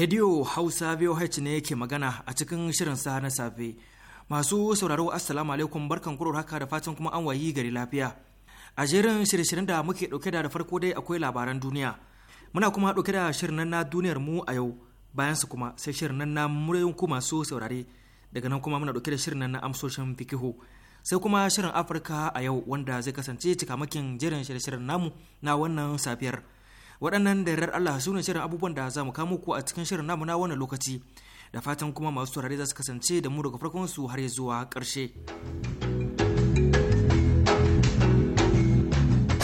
Radio Hausa VOH ne ke magana a cikin shirin sa na safe. Masu sauraro Assalamu alaikum barkan kuro haka da fatan kuma an wayi gari lafiya. A jerin shirye-shiryen da muke dauke da da farko dai akwai labaran duniya. Muna kuma dauke da shirin na duniyar mu a yau. Bayan su kuma sai shirin na muryoyin ku masu saurare. Daga nan kuma muna dauke da shirin na amsoshin fikihu. Sai kuma shirin Afirka a yau wanda zai kasance cikamakin jerin shirye-shiryen namu na wannan safiyar. waɗannan da yarar Allah su ne shirin abubuwan da za mu kamo ku a cikin shirin namu na wannan lokaci da fatan kuma masu turare za su kasance da mu daga farkon su har zuwa ƙarshe.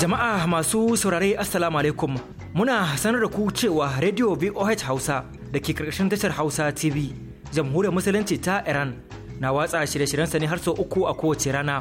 Jama'a masu saurare Assalamu alaikum muna sanar da ku cewa Radio VOH Hausa da ke karkashin tashar Hausa TV jamhuriyar musulunci ta Iran na watsa shirye shiryen sa ne har sau uku a kowace rana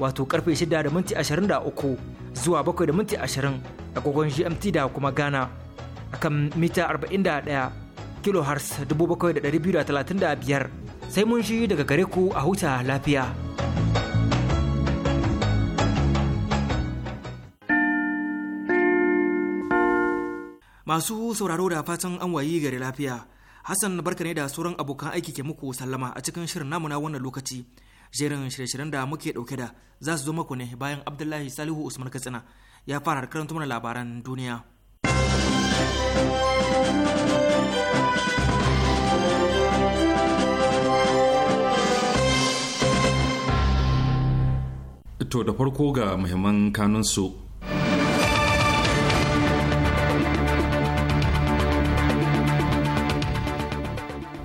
wato karfe 6 da minti 23 zuwa 7 da minti 20 agogon GMT da kuma Ghana akan mita 41 kilohertz 7235 sai mun shi daga gare ku a huta lafiya. Masu sauraro da fatan an wayi gari lafiya. Hassan barka ne da sauran abokan aiki ke muku sallama a cikin shirin namuna wannan lokaci. jerin shirye-shiryen da muke dauke da za su zo maku ne bayan abdullahi salihu usman katsina ya fara karanta mana labaran duniya to da farko ga muhimman kanunsu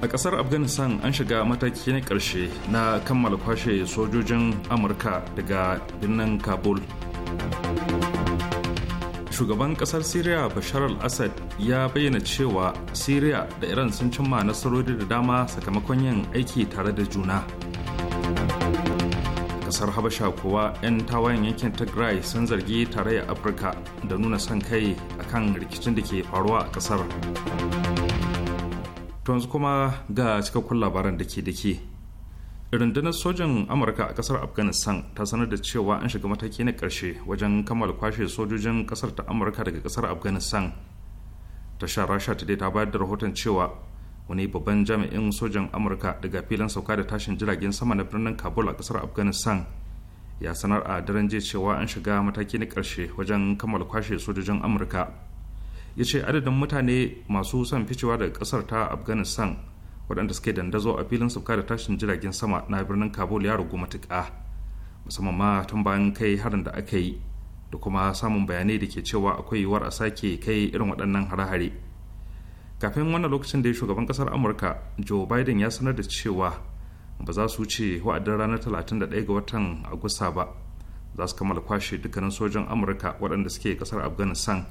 a kasar afghanistan an shiga mataki na karshe na kammala kwashe sojojin amurka daga birnin kabul shugaban kasar syria bashar al-assad ya bayyana cewa syria da iran sun cimma nasarori da dama sakamakon yin aiki tare da juna kasar habasha kuwa 'yan tawayen yankin tigray sun zargi tare tarayyar afirka da nuna son kai a kan rikicin da ke faruwa a kasar to yanzu kuma ga cikakkun labaran da ke da ke rundunar sojan amurka a kasar afghanistan ta sanar da cewa an shiga mataki na karshe wajen kammala kwashe sojojin kasar ta amurka daga kasar afghanistan tashar rasha ta ta bayar da rahoton cewa wani babban jami'in sojan amurka daga filin sauka da tashin jiragen sama na birnin kabul a kasar afghanistan ya sanar a daren jiya cewa an shiga mataki na karshe wajen kammala kwashe sojojin amurka ya ce adadin mutane masu son ficewa daga kasar ta afghanistan waɗanda suke dandazo a filin sauka da tashin jiragen sama na birnin kabul ya ragu matuƙa musamman ma tun bayan kai harin da aka yi da kuma samun bayanai da ke cewa akwai yiwuwar a sake kai irin waɗannan hare-hare kafin wannan lokacin da ya shugaban kasar amurka joe biden ya sanar da cewa ba za su wuce wa'adin ranar talatin da 31 ga watan agusta ba za su kammala kwashe dukkanin sojan amurka waɗanda suke kasar afghanistan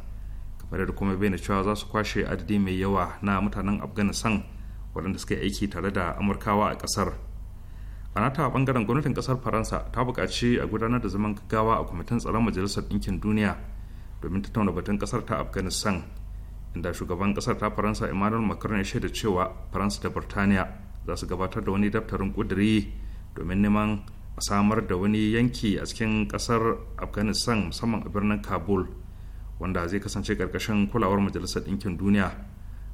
bare da kuma bayyana cewa za su kwashe adadi mai yawa na mutanen afghanistan waɗanda suka yi aiki tare da amurkawa a ƙasar a nata bangaren gwamnatin ƙasar faransa ta buƙaci a gudanar da zaman gaggawa a kwamitin tsaron majalisar ɗinkin duniya domin tattauna batun ƙasar ta afghanistan inda shugaban ƙasar ta faransa emmanuel macron ya shaida cewa faransa da burtaniya za su gabatar da wani daftarin ƙudiri domin neman a samar da wani yanki a cikin ƙasar afghanistan musamman a birnin kabul wanda zai kasance karkashin kulawar majalisar ɗinkin duniya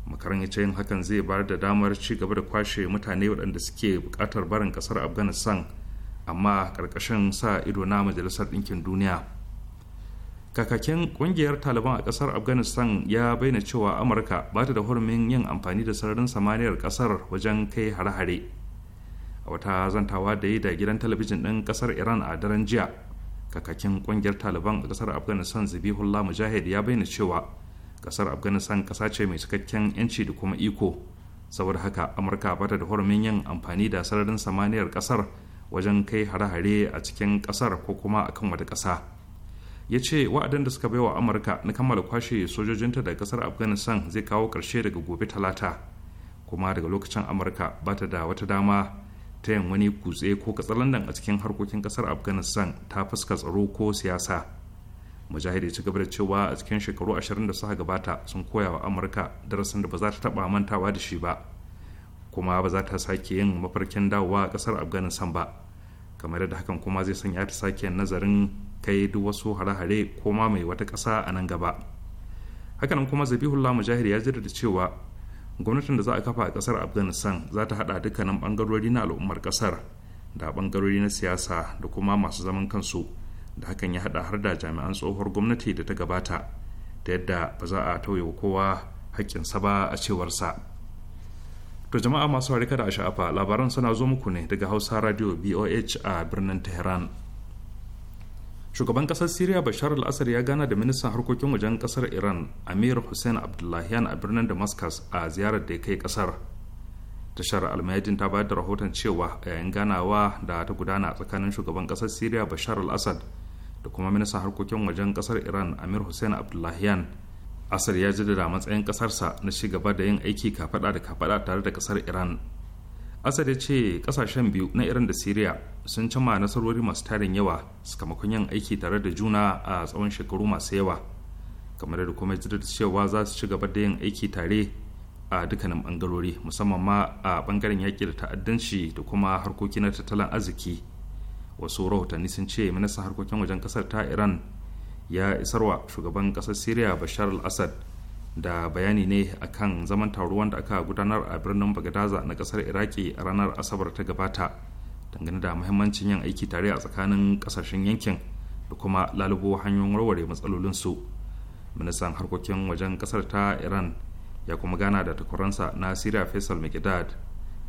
makaran ya ce yin hakan zai bayar da damar ci gaba da kwashe mutane waɗanda suke buƙatar barin ƙasar afghanistan amma karkashin sa ido na majalisar ɗinkin duniya kakakin ƙungiyar taliban a ƙasar afghanistan ya bayyana cewa amurka ba ta da hurumin yin amfani da sararin samaniyar ƙasar wajen kai hare-hare a wata zantawa da yi da gidan talabijin ɗin ƙasar iran a daren jiya kakakin kungiyar taliban a kasar afghanistan zabihullah mujahid ya bayyana cewa kasar afghanistan kasa ce mai cikakken yanci da kuma iko saboda haka amurka bata da hurumin yin amfani da sararin samaniyar kasar wajen kai hare-hare a cikin kasar ko kuma a kan wata kasa ya ce wa'adin da suka baiwa amurka na kammala kwashe sojojinta daga kasar afghanistan zai kawo ƙarshe daga gobe talata kuma daga lokacin amurka ba ta da wata dama ta yin wani kutse ko katsalandan a cikin harkokin kasar afghanistan ta fuska tsaro ko siyasa mujahid ya ci gaba da cewa a cikin shekaru ashirin da suka gabata sun koya wa amurka darasin da ba za ta taba mantawa da shi ba kuma ba za ta sake yin mafarkin dawowa a kasar afghanistan ba kamar yadda hakan kuma zai sanya ta sake nazarin kai duk wasu hare-hare ko ma mai wata ƙasa a nan gaba hakanan kuma zabihullah mujahid ya jaddada cewa gwamnatin da za a kafa a kasar afghanistan za ta hada dukkanin bangarori na al'ummar kasar da bangarori na siyasa da kuma masu zaman kansu da hakan ya hada har da jami'an tsohuwar gwamnati da ta gabata ta yadda ba za a tauye kowa haƙƙinsa ba a cewar sa. to jama'a masu harika da sha'afa labaran suna zo muku ne daga hausa radio boh a birnin tehran shugaban kasar syria bashar al-assad ya gana da ministan harkokin wajen kasar iran amir hussein abdullahian a birnin damascus a ziyarar da ya kai kasar tashar almayadin ta bayar da rahoton cewa yayin ganawa da ta gudana tsakanin shugaban kasar syria bashar al-assad da kuma ministan harkokin wajen kasar iran amir hussein abdullahian asar ya jaddada matsayin kasarsa na ci gaba da yin aiki kafada da kafada tare da kasar iran asad ya ce kasashen biyu na iran da siriya sun cima nasarori masu tarin yawa sakamakon yin aiki tare da juna a tsawon shekaru masu yawa kamar da kuma jirar cewa za su ci gaba da yin aiki tare a dukkanin bangarori musamman ma a bangaren yaƙi da ta'addanci da kuma harkoki na tattalin arziki wasu rahotanni sun ce ministan harkokin wajen kasar ta iran ya isarwa shugaban kasar siriya bashar al-assad da bayani ne a kan zaman taruwan da aka gudanar a birnin bagadaza na kasar iraki a ranar asabar ta gabata dangane da mahimmancin yin aiki tare a tsakanin kasashen yankin da kuma lalubo hanyoyin warware matsalolinsu ministan harkokin wajen kasar ta iran ya kuma gana da takwaransa na syria faisal mcdad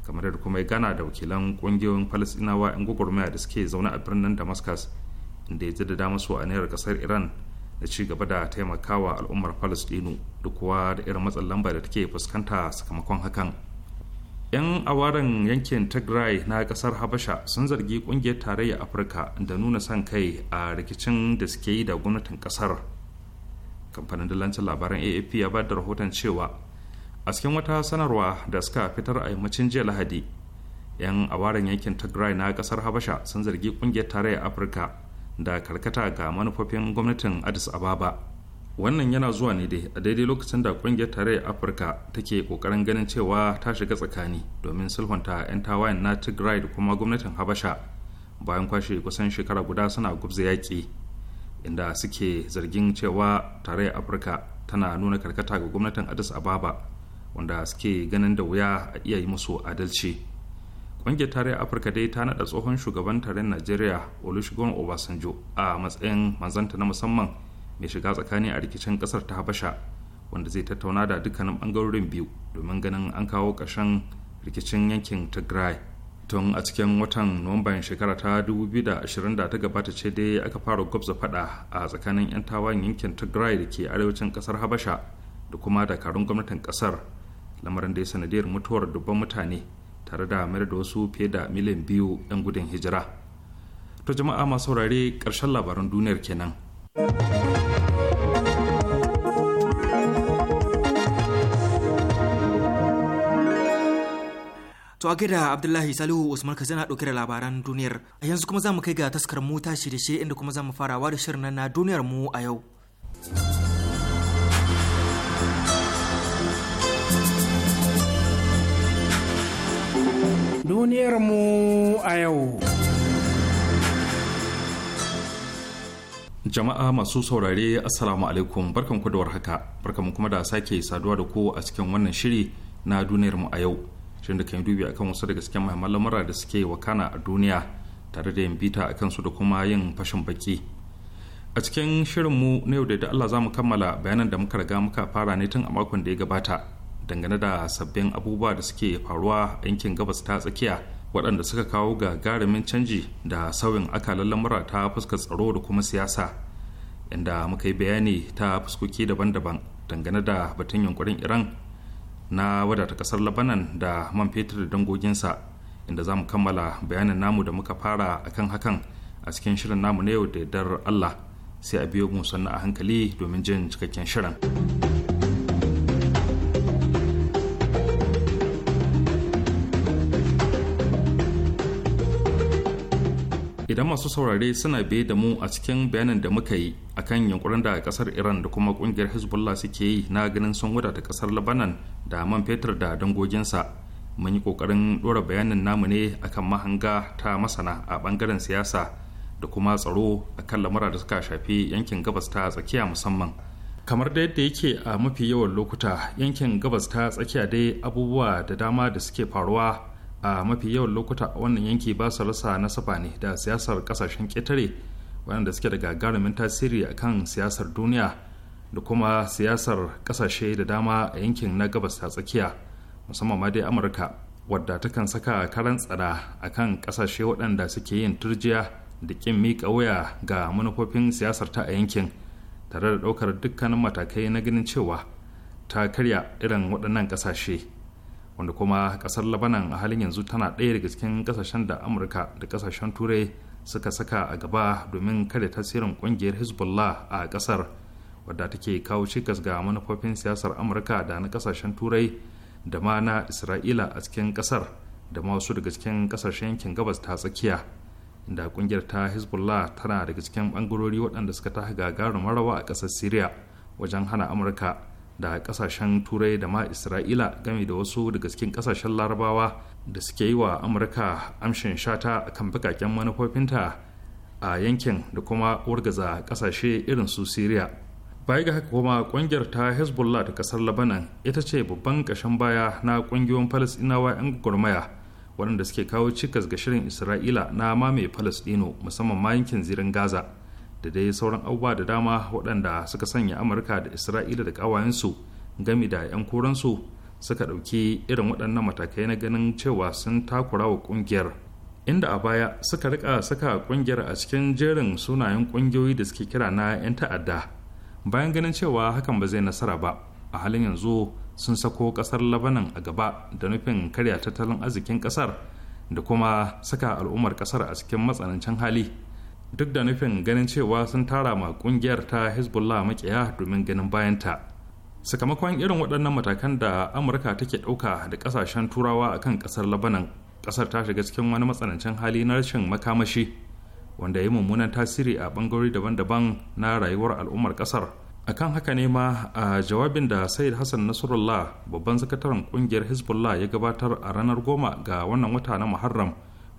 kamar da kuma ya gana da wakilan kungiyoyin falasinawa 'yan gwagwarmaya da suke zaune a birnin damascus inda ya jaddada masu a nayar kasar iran na ci gaba da taimakawa al'ummar falasdinu duk kuwa da irin matsin lamba da take fuskanta sakamakon hakan 'yan awaren yankin tigray na kasar habasha sun zargi kungiyar tarayyar afirka da nuna son kai a rikicin da suke yi da gwamnatin kasar kamfanin dillancin labaran AAP ya ba da rahoton cewa a cikin wata sanarwa da suka fitar a yammacin jiya lahadi 'yan awaren yankin tigray na kasar habasha sun zargi kungiyar tarayyar afirka da karkata ga manufofin gwamnatin addis ababa wannan yana zuwa ne dai a daidai lokacin da kungiyar tarayyar afirka take kokarin ganin cewa ta shiga tsakani domin sulhunta 'yan tawayen na tigray da kuma gwamnatin habasha bayan kwashe kusan shekara guda suna gubza yaƙi inda suke zargin cewa tarayyar afirka tana nuna karkata ga gwamnatin addis ababa wanda suke ganin da wuya a iya yi musu adalci ƙungiyar tarayyar afirka dai ta naɗa tsohon shugaban tarayyar najeriya olusegun obasanjo a matsayin manzanta na musamman mai shiga tsakani a rikicin kasar ta habasha wanda zai tattauna da dukkanin bangarorin biyu domin ganin an kawo ƙarshen rikicin yankin tigray tun a cikin watan nuwamban shekara ta 2020 da ta gabata ce dai aka fara gwabza fada a tsakanin 'yan tawayen yankin tigray da ke arewacin kasar habasha da kuma dakarun gwamnatin kasar lamarin da ya sanadiyar mutuwar dubban mutane tare da mayar da wasu fiye da miliyan biyu 'yan gudun hijira to jama'a masu saurare ƙarshen labaran duniyar kenan To a da Abdullahi Salihu Usman Kazana ɗauke da labaran duniyar. A yanzu kuma za mu kai ga taskar mu ta shirye inda kuma za mu farawa da shirin na duniyar mu a yau. Duniyar mu a yau. Jama'a masu saurare Assalamu alaikum barkanku da warhaka barkanku kuma da sake saduwa da ku a cikin wannan shiri na duniyar mu a yau shirin da kan dubi akan wasu daga cikin muhimman lamura da suke wakana a duniya tare da yin bita akan su da kuma yin fashin baki. A cikin shirin mu na yau da Allah zamu kammala bayanan da muka riga muka fara ne tun a makon da ya gabata dangane da sabbin abubuwa da suke faruwa a yankin gabas ta tsakiya waɗanda suka kawo gagarumin canji da sauyin akalan lamura ta fuskar tsaro da kuma siyasa inda muka yi bayani ta fuskoki daban-daban dangane da batun yunkurin iran na wadata kasar labanan da man fetur da dangoginsa inda za mu kammala bayanin namu da muka fara akan hakan a cikin shirin namu na yau da dar allah sai a biyo mu sannu a hankali domin jin cikakken shirin. idan masu saurare suna biye da mu a cikin bayanin da muka yi akan yankunan da kasar iran da kuma kungiyar hezbollah suke yi na ganin sun wadata kasar labanan da man fetur da dangoginsa mun yi kokarin dora bayanin namu ne akan mahanga ta masana a bangaren siyasa da kuma tsaro akan lamura da suka shafi yankin gabas ta tsakiya musamman kamar da yadda yake a mafi yawan lokuta yankin gabas ta tsakiya dai abubuwa da dama da suke faruwa a mafi yawan lokuta wannan yanki ba su rasa nasaba ne da siyasar kasashen ƙetare waɗanda suke da gagarumin tasiri a kan siyasar duniya da kuma siyasar ƙasashe da dama a yankin na gabas ta tsakiya musamman ma dai amurka wadda takan saka karan tsada a kan ƙasashe waɗanda suke yin turjiya da ƙin miƙa wuya ga manufofin siyasar ta a yankin tare da ɗaukar dukkanin matakai na ganin cewa ta karya irin waɗannan ƙasashe wanda kuma kasar labanan a halin yanzu tana ɗaya daga cikin ƙasashen da amurka da ƙasashen turai suka saka a gaba domin kada tasirin ƙungiyar hezbollah a ƙasar wadda take kawo cikas ga manufofin siyasar amurka da na kasashen turai da ma na isra'ila a cikin ƙasar da ma wasu daga cikin ƙasashen yankin gabas ta tsakiya da ƙungiyar ta hezbollah tana daga cikin ɓangarori waɗanda suka ta gagarumar rawa a ƙasar syria wajen hana amurka da kasashen turai da ma isra'ila game da wasu daga cikin kasashen larabawa da suke yi wa amurka amshin shata kan bakaken manufofinta a yankin da kuma wurgaza kasashe irin su syria baya ga haka kuma kungiyar ta hezbollah ta kasar labanan ita ce babban kashen baya na kungiyoyin falastinawa 'yan gwagwarmaya waɗanda suke kawo cikas ga shirin isra'ila na mamaye falasɗino musamman ma yankin zirin gaza da dai sauran abubuwa da dama waɗanda suka sanya amurka da isra'ila da ƙawayensu gami da 'yan koransu suka ɗauki irin waɗannan matakai na ganin cewa sun takura wa ƙungiyar inda a baya suka rika saka ƙungiyar a cikin jerin sunayen ƙungiyoyi da suke kira na 'yan ta'adda bayan ganin cewa hakan ba zai nasara ba a halin yanzu sun sako ƙasar labanan a gaba da nufin karya tattalin arzikin ƙasar da kuma saka al'ummar ƙasar a cikin matsanancin hali duk da nufin ganin cewa sun tara ma kungiyar ta hezbollah makiya domin ganin bayanta sakamakon irin waɗannan matakan da amurka take ɗauka da ƙasashen turawa a kan ƙasar labanan ƙasar ta shiga cikin wani matsanancin hali na rashin makamashi wanda ya mummunan tasiri a ɓangarori daban-daban na rayuwar al'ummar ƙasar akan haka ne ma a jawabin da sayid hassan nasrullah babban sakataren kungiyar hezbollah ya gabatar a ranar goma ga wannan wata na muharram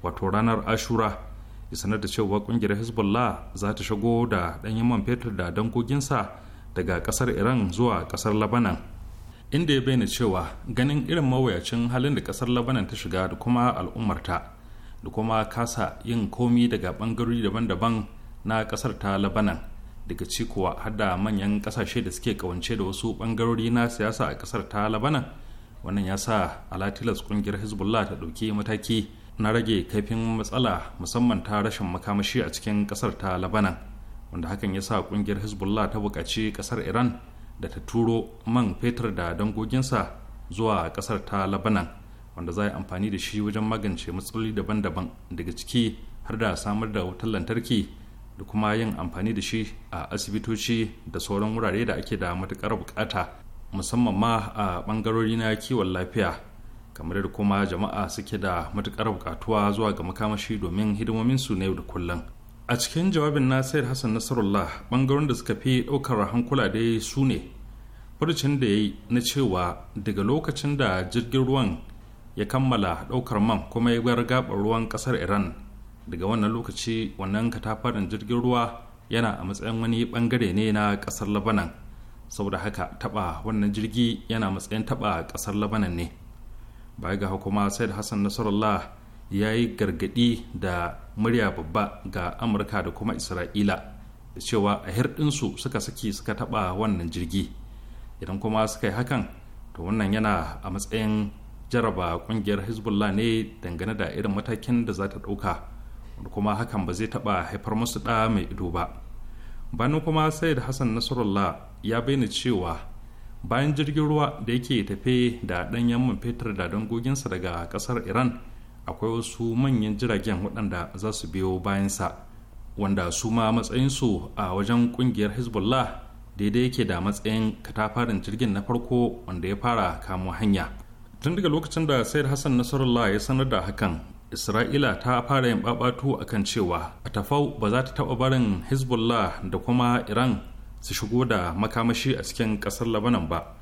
wato ranar ashura ya sanar da cewa kungiyar hezbollah za ta shigo da ɗanyen man fetur da dangoginsa daga ƙasar iran zuwa ƙasar labanan inda ya bayyana cewa ganin irin mawuyacin halin da ƙasar labanan ta shiga da kuma al'ummarta da kuma kasa yin komi daga ɓangarori daban-daban na ƙasar ta labanan daga ci kuwa har da manyan ƙasashe da suke kawance da wasu ɓangarori na siyasa a ƙasar ta labanan wannan ya sa alatilas ƙungiyar hezbollah ta ɗauki mataki na rage kaifin matsala musamman ta rashin makamashi a cikin kasar ta labanan wanda hakan ya sa kungiyar hezbollah ta buƙaci kasar iran da ta turo man fetur da dangoginsa zuwa kasar ta labanan wanda za a yi amfani da shi wajen magance matsaloli daban-daban daga ciki har da samar da wutar lantarki da kuma yin amfani da shi a asibitoci da sauran wurare da ake da matuƙar bukata musamman ma a ɓangarori na kiwon lafiya kamar da kuma jama'a suke da matukar bukatuwa zuwa ga makamashi domin su na yau da kullum a cikin jawabin na sayar hassan nasarullah bangaren da suka fi daukar hankula da yi su ne farcin da ya yi na cewa daga lokacin da jirgin ruwan ya kammala daukar man kuma ya gwar gabar ruwan kasar iran daga wannan lokaci wannan katafaren jirgin ruwa yana a matsayin wani bangare ne na kasar labanan saboda haka taba wannan jirgi yana matsayin taba kasar labanan ne baya ga hukuma said hassan nasarallah ya yi gargadi da murya babba ga amurka da kuma isra'ila da cewa a su suka saki suka taɓa wannan jirgi idan kuma suka yi hakan to wannan yana a matsayin jaraba ƙungiyar hezbollah ne dangane da irin matakin da za ta ɗauka kuma hakan ba zai taba haifar musu ɗa mai ido ba bano kuma said hassan nasarallah ya bayyana cewa bayan jirgin ruwa da yake tafe da ɗanyen man fetur da dangoginsa daga ƙasar iran akwai wasu manyan jiragen waɗanda za su biyo bayansa wanda su ma matsayinsu a wajen ƙungiyar hezbollah daidai yake da matsayin katafarin jirgin na farko wanda ya fara kamo hanya tun daga lokacin da sayar hassan nasarullah ya sanar da hakan isra'ila ta fara yin babatu akan cewa a tafau ba za ta taɓa barin hezbollah da kuma iran su shigo da makamashi a cikin ƙasar labanan ba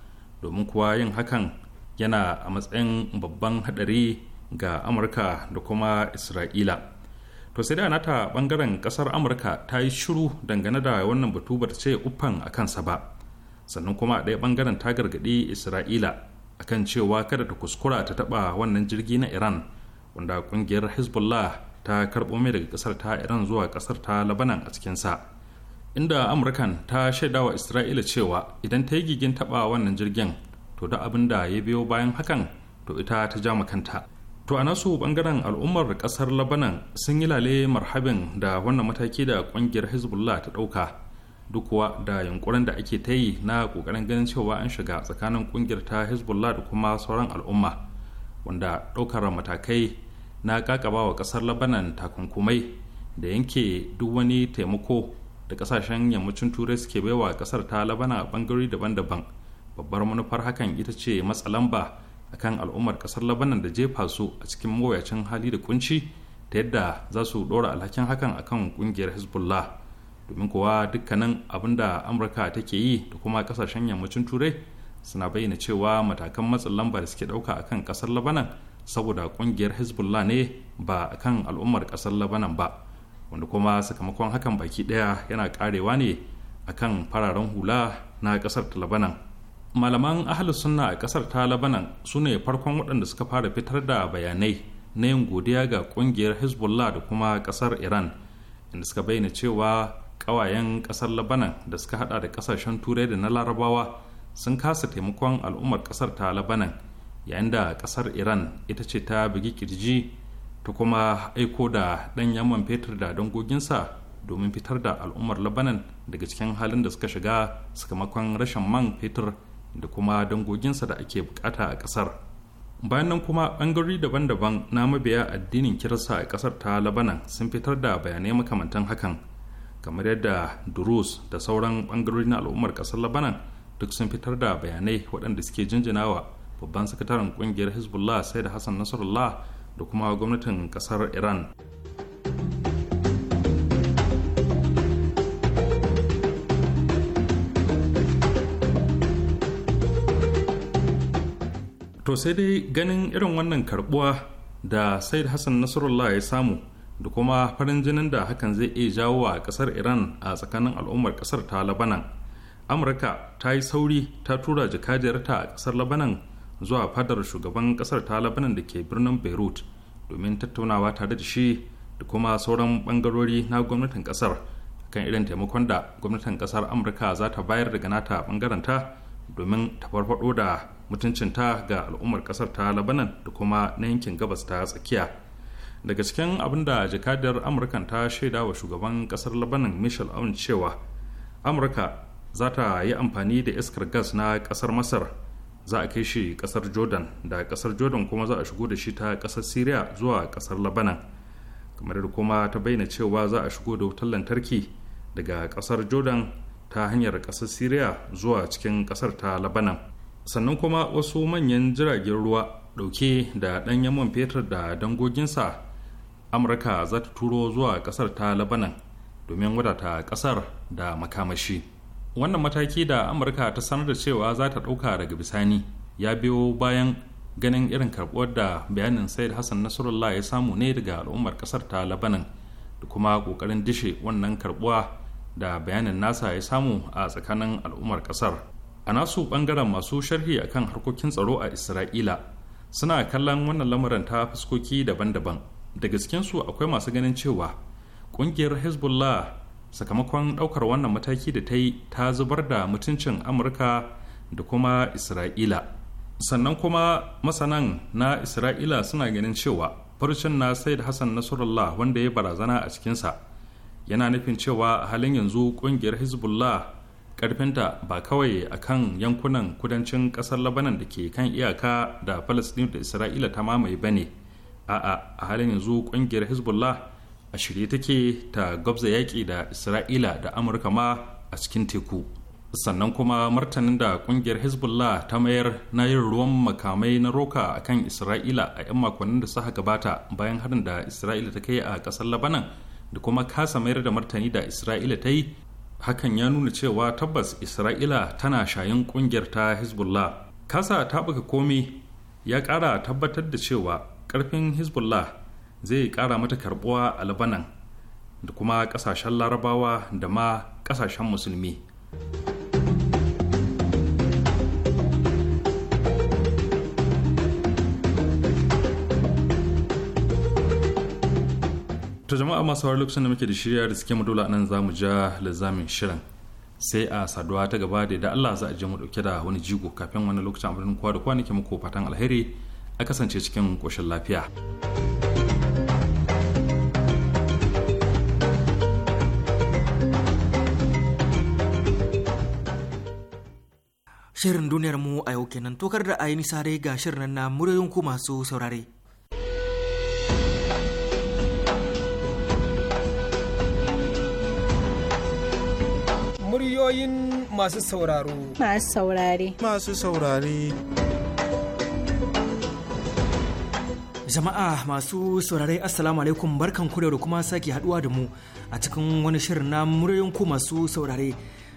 domin kuwa yin hakan yana a matsayin babban haɗari ga amurka da kuma isra'ila to sai da nata bangaren kasar amurka ta yi shiru dangane da wannan batu ba ta ce uffan a kansa ba sannan kuma a ɗaya bangaren ta gargaɗi isra'ila akan cewa kada ta kuskura ta taɓa wannan jirgi na iran wanda ƙungiyar hezbollah ta karɓo mai daga ƙasar ta iran zuwa ƙasar ta labanan a cikinsa inda amurkan ta shaidawa isra'ila cewa idan ta yi gigin taba wannan jirgin to da abin da ya biyo bayan hakan to ita ta ja makanta to a nasu bangaren al'ummar kasar labanan sun yi lale marhabin da wannan mataki da kungiyar hezbollah ta dauka duk kuwa da yunkurin da ake ta yi na kokarin ganin cewa an shiga tsakanin kungiyar ta hezbollah da kuma sauran al'umma wanda daukar matakai na kakaba wa kasar labanan takunkumai da yanke duk wani taimako da kasashen yammacin turai suke baiwa kasar ta labana a bangarori daban-daban babbar manufar hakan ita ce matsa lamba kan al'ummar kasar labanan da jefa su a cikin mawuyacin hali da kunci ta yadda za su dora alhakin hakan a kan kungiyar hezbollah domin kuwa dukkanin abin da amurka take yi da kuma kasashen yammacin turai suna bayyana cewa matakan matsin lamba da suke dauka akan kasar labanan saboda kungiyar hezbollah ne ba akan al'ummar kasar labanan ba wanda kuma sakamakon hakan baki daya yana karewa ne akan fararen hula na kasar ta labanan malaman ahalus sunna a kasar ta labanan su ne farkon waɗanda suka fara fitar da bayanai na yin godiya ga ƙungiyar hezbollah da kuma kasar iran inda suka bayyana cewa ƙawayen kasar labanan da suka hada da kasashen turai da na larabawa sun kasa taimakon al'ummar kasar ta labanan yayin da kasar iran ita ce ta bugi kirji ta kuma aiko da ɗan yamman fetur da dangoginsa domin fitar da al'ummar labanan daga cikin halin da suka shiga sakamakon rashin man fetur da kuma dangoginsa da ake bukata a ƙasar bayan nan kuma ɓangarori daban-daban na mabiya addinin kirista a ƙasar ta labanan sun fitar da bayanai makamantan hakan kamar yadda durus da sauran ɓangarori na al'ummar ƙasar labanan duk sun fitar da bayanai waɗanda suke jinjinawa babban sakataren ƙungiyar hezbollah sai da hassan nasarullah da kuma gwamnatin kasar iran to sai dai ganin irin wannan karbuwa da said hassan nasarullah ya samu da kuma farin jinin da hakan zai iya jawo a kasar iran a tsakanin al'ummar kasar ta labanan amurka ta yi sauri ta tura jikajiyarta a kasar labanan zuwa fadar shugaban kasar ta labanan da ke birnin beirut domin tattaunawa tare da shi da kuma sauran bangarori na gwamnatin kasar kan irin taimakon da gwamnatin kasar amurka za ta bayar daga nata bangaranta domin ta farfado da mutuncinta ga al'ummar kasar ta labanan da kuma na yankin gabas ta tsakiya daga cikin abin da jakadiyar amurkan ta shaida wa shugaban kasar labanan michel aun cewa amurka za ta yi amfani da iskar gas na kasar masar za a kai shi kasar jordan da kasar jordan kuma za a shigo da shi ta kasar syria zuwa kasar labanan kamar da kuma ta bayyana cewa za a shigo da wutar lantarki daga kasar jordan ta hanyar kasar syria zuwa cikin kasar ta labanan sannan kuma wasu manyan jiragen ruwa dauke da ɗanyen man fetur da dangoginsa amurka za ta turo zuwa kasar ta labanan domin wadata kasar da makamashi wannan mataki da amurka ta sanar da cewa za ta ɗauka daga bisani ya biyo bayan ganin irin karɓuwar da bayanin sayid hassan nasarullah ya samu ne daga al'ummar ƙasar ta labanan da kuma ƙoƙarin dishe wannan karɓuwa da bayanin nasa ya samu a tsakanin al'ummar ƙasar a nasu ɓangaren masu sharhi akan harkokin tsaro a isra'ila suna kallon wannan lamarin ta fuskoki daban-daban daga cikinsu akwai masu ganin cewa ƙungiyar hezbollah sakamakon ɗaukar wannan mataki da ta yi ta zubar da mutuncin amurka da kuma isra'ila sannan kuma masanan na isra'ila suna ganin cewa farcin na da hassan nasrullah wanda ya barazana a cikinsa yana nufin cewa a halin yanzu kungiyar hezbollah karfinta ba kawai a kan yankunan kudancin kasar labanan da ke kan iyaka da palestine da isra'ila ta mamaye ba ne a'a a halin yanzu kungiyar hezbollah a shirye take ta gwabza yaƙi da isra'ila da amurka ma a cikin teku sannan kuma martanin da ƙungiyar hezbollah ta mayar na yin ruwan makamai na roka a kan isra'ila a 'yan makonnin da suka gabata bayan harin da isra'ila ta kai a ƙasar labanan da kuma kasa mayar da martani da isra'ila ta yi hakan ya nuna cewa tabbas isra'ila tana shayin ƙungiyar ta hezbollah kasa ta buga komai ya ƙara tabbatar da cewa ƙarfin hezbollah zai ƙara mata karbuwa a labanan da kuma ƙasashen larabawa da ma ƙasashen musulmi ta jama'a masu wari lokacin da muke da shirya da suke dole nan za mu ja lizamin shirin sai a saduwa ta gaba da da Allah za a je mu dauke da wani jigo kafin wani lokacin abin kowa da nake muku fatan alheri a kasance cikin koshin lafiya. Shirin duniyar mu a yau kenan tokar da a yi nisa dai ga shirin na muryoyin ku masu saurare. Muryoyin masu sauraro. Masu saurare. Masu saurare. Jama'a masu saurare Assalamu alaikum barkan ku da kuma sake haduwa da mu a cikin wani shirin na muryoyin ku masu saurare.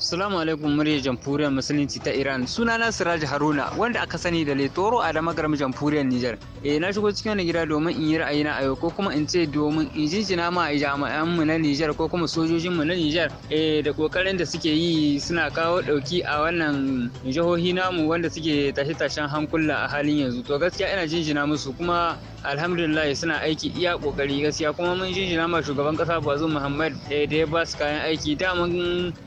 Salamu alaikum muryar jamhuriyar musulunci ta Iran. suna Siraj Haruna wanda aka sani da Letoro a da magaram jamhuriyar Nijar. Eh na shigo cikin wani gida domin in yi ra'ayi na ayo ko kuma in ce domin in jinjina ma a jami'an na Nijar ko kuma sojojin na Nijar eh da kokarin da suke yi suna kawo dauki a wannan jihohi namu wanda suke tashe-tashen hankula a halin yanzu. To gaskiya ina jinjina musu kuma alhamdulillah suna aiki iya kokari gaskiya kuma mun jinjina ma shugaban kasa Bazoum Muhammad eh, da ya ba su kayan aiki. Da